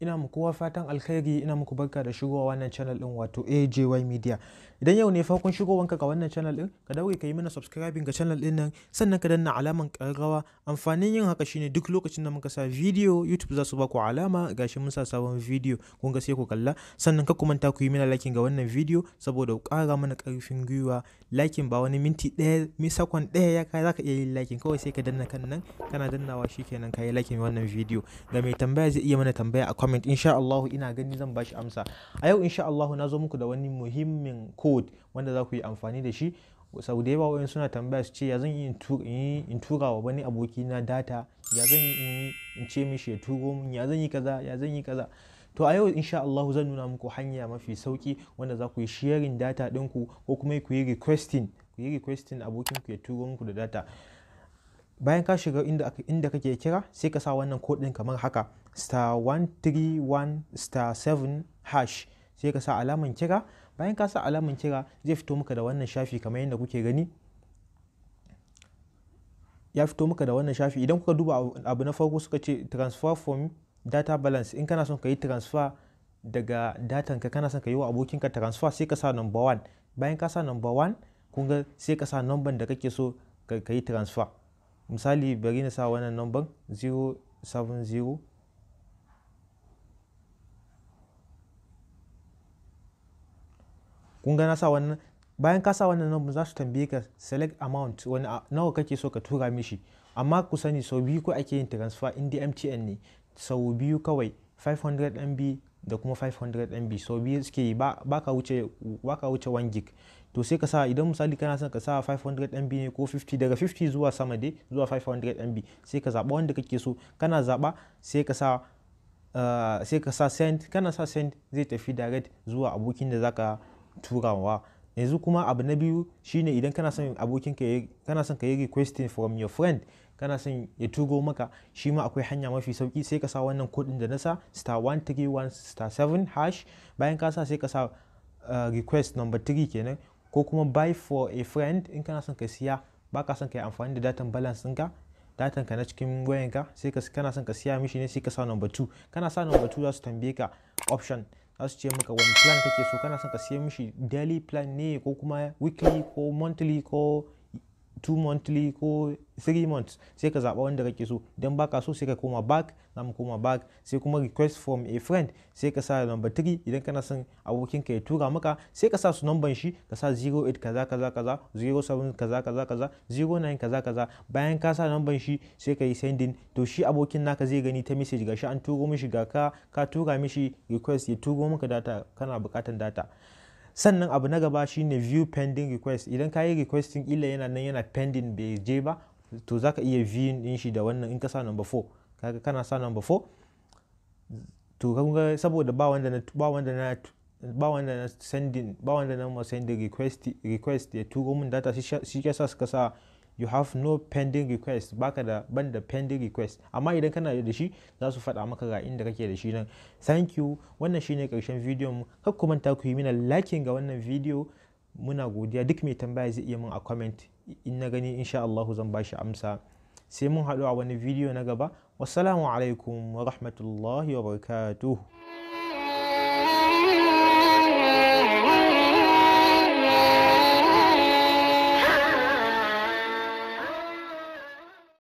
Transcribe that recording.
ina muku kowa fatan alkhairi ina muku barka da shigowa wannan channel din wato AJY Media idan yau ne farkon shigowanka ga wannan channel din ka daure ka yi mana subscribing ga channel din nan sannan ka danna alaman karrawa amfanin yin haka shine duk lokacin da muka sa video YouTube za su ba ku alama gashi mun sa sabon video kun ga sai ku kalla sannan ka kumanta ku yi mana liking ga wannan video saboda ku kara mana karfin gwiwa liking ba wani minti daya mi sakon 1 ya kai zaka iya yin liking kawai sai ka danna kan nan kana dannawa shikenan ka yi liking wannan video ga mai tambaya zai iya mana tambaya a comment insha Allah ina gani zan bashi amsa a yau insha Allah na zo muku da wani muhimmin code wanda za ku yi amfani da shi sau da yawa wayan suna tambaya su ce ya zan yi in tura wa wani aboki na data ya zan yi in ce mishi ya turo min ya zan yi kaza ya zan yi kaza to a yau insha Allah zan nuna muku hanya mafi sauki wanda za ku yi sharing data ɗinku ko kuma ku yi requesting ku yi requesting abokin ya turo muku da data bayan ka shiga inda, kake kira sai ka sa wannan kodin kamar haka star 131 star 7 hash sai ka sa alaman kira bayan ka sa alaman kira zai fito maka da wannan shafi kamar yadda kuke gani ya fito maka da wannan shafi idan kuka duba abu na farko suka ce transfer from data balance in kana son ka yi transfer daga datan ka kana son ka yi wa abokinka transfer sai ka sa number one bayan ka sa number one kun sai ka sa number da kake so ka yi transfer misali bari na sa wannan number 070 kun sa wannan bayan ka sa wannan number za su tambaye ka select amount wani nawa kake so ka tura mishi amma ku sani sau biyu ko ake yin transfer in mtn ne sau biyu kawai 500 mb da kuma 500 mb so biyu suke yi ba ka wuce 1 gig to sai ka sa idan misali kana son ka sa 500 mb ne ko 50 daga 50 zuwa sama dai zuwa 500 mb sai ka zaɓa wanda kake so kana zaɓa sai ka sa eh, sai ka sa send kana sa send zai tafi direct zuwa abokin da zaka turawa yanzu kuma abu na biyu shine idan kana son abokin ka kana son ka yi requesting from your friend kana son ya tugo maka shi ma akwai hanya mafi sauki sai ka sa wannan kodin da na sa star 131 star 7 hash bayan ka sa sai ka sa uh, request number 3 kenan ko kuma buy for a friend in kana son ka siya ba ka son ka yi amfani da datan balance ɗinka datan ka na cikin wayanka sai kana son ka siya mishi ne sai ka sa number 2 kana sa number 2 za su tambaye ka option za su ce maka wani plan kake so kana son ka siya mishi daily plan ne ko kuma weekly ko monthly ko two monthly ko three months sai ka zaɓa wanda kake so idan baka so sai ka koma back na mu koma back sai kuma request from a friend sai ka sa number 3 idan kana son abokin ka ya tura maka sai ka sa su number shi ka sa 08 kaza kaza kaza 07 kaza kaza kaza 09 kaza kaza bayan ka sa number shi sai ka yi sending to shi abokin naka zai gani ta message gashi an turo mishi ga ka ka tura mishi request ya turo maka data kana bukatan data sannan abu na gaba shine view pending request idan ka yi requesting ila yana nan yana pending bai je ba to za ka iya view din shi da wannan in ka sa number 4 kaga kana sa number 4 to kaga saboda ba wanda na ba wanda na ba wanda na sending ba wanda na sending request request ya turo min data shi shi ka sa suka sa you have no pending request baka da ban da pending request amma idan kana da shi za su faɗa maka ga inda kake da shi nan thank you wannan shine karshen bidiyon mu kar ku manta ku yi mina liking ga wannan bidiyo muna godiya duk mai tambaya zai iya min a comment in na gani insha Allah zan bashi amsa sai mun haɗu a wani bidiyo na gaba wassalamu alaikum wa rahmatullahi wa barakatuh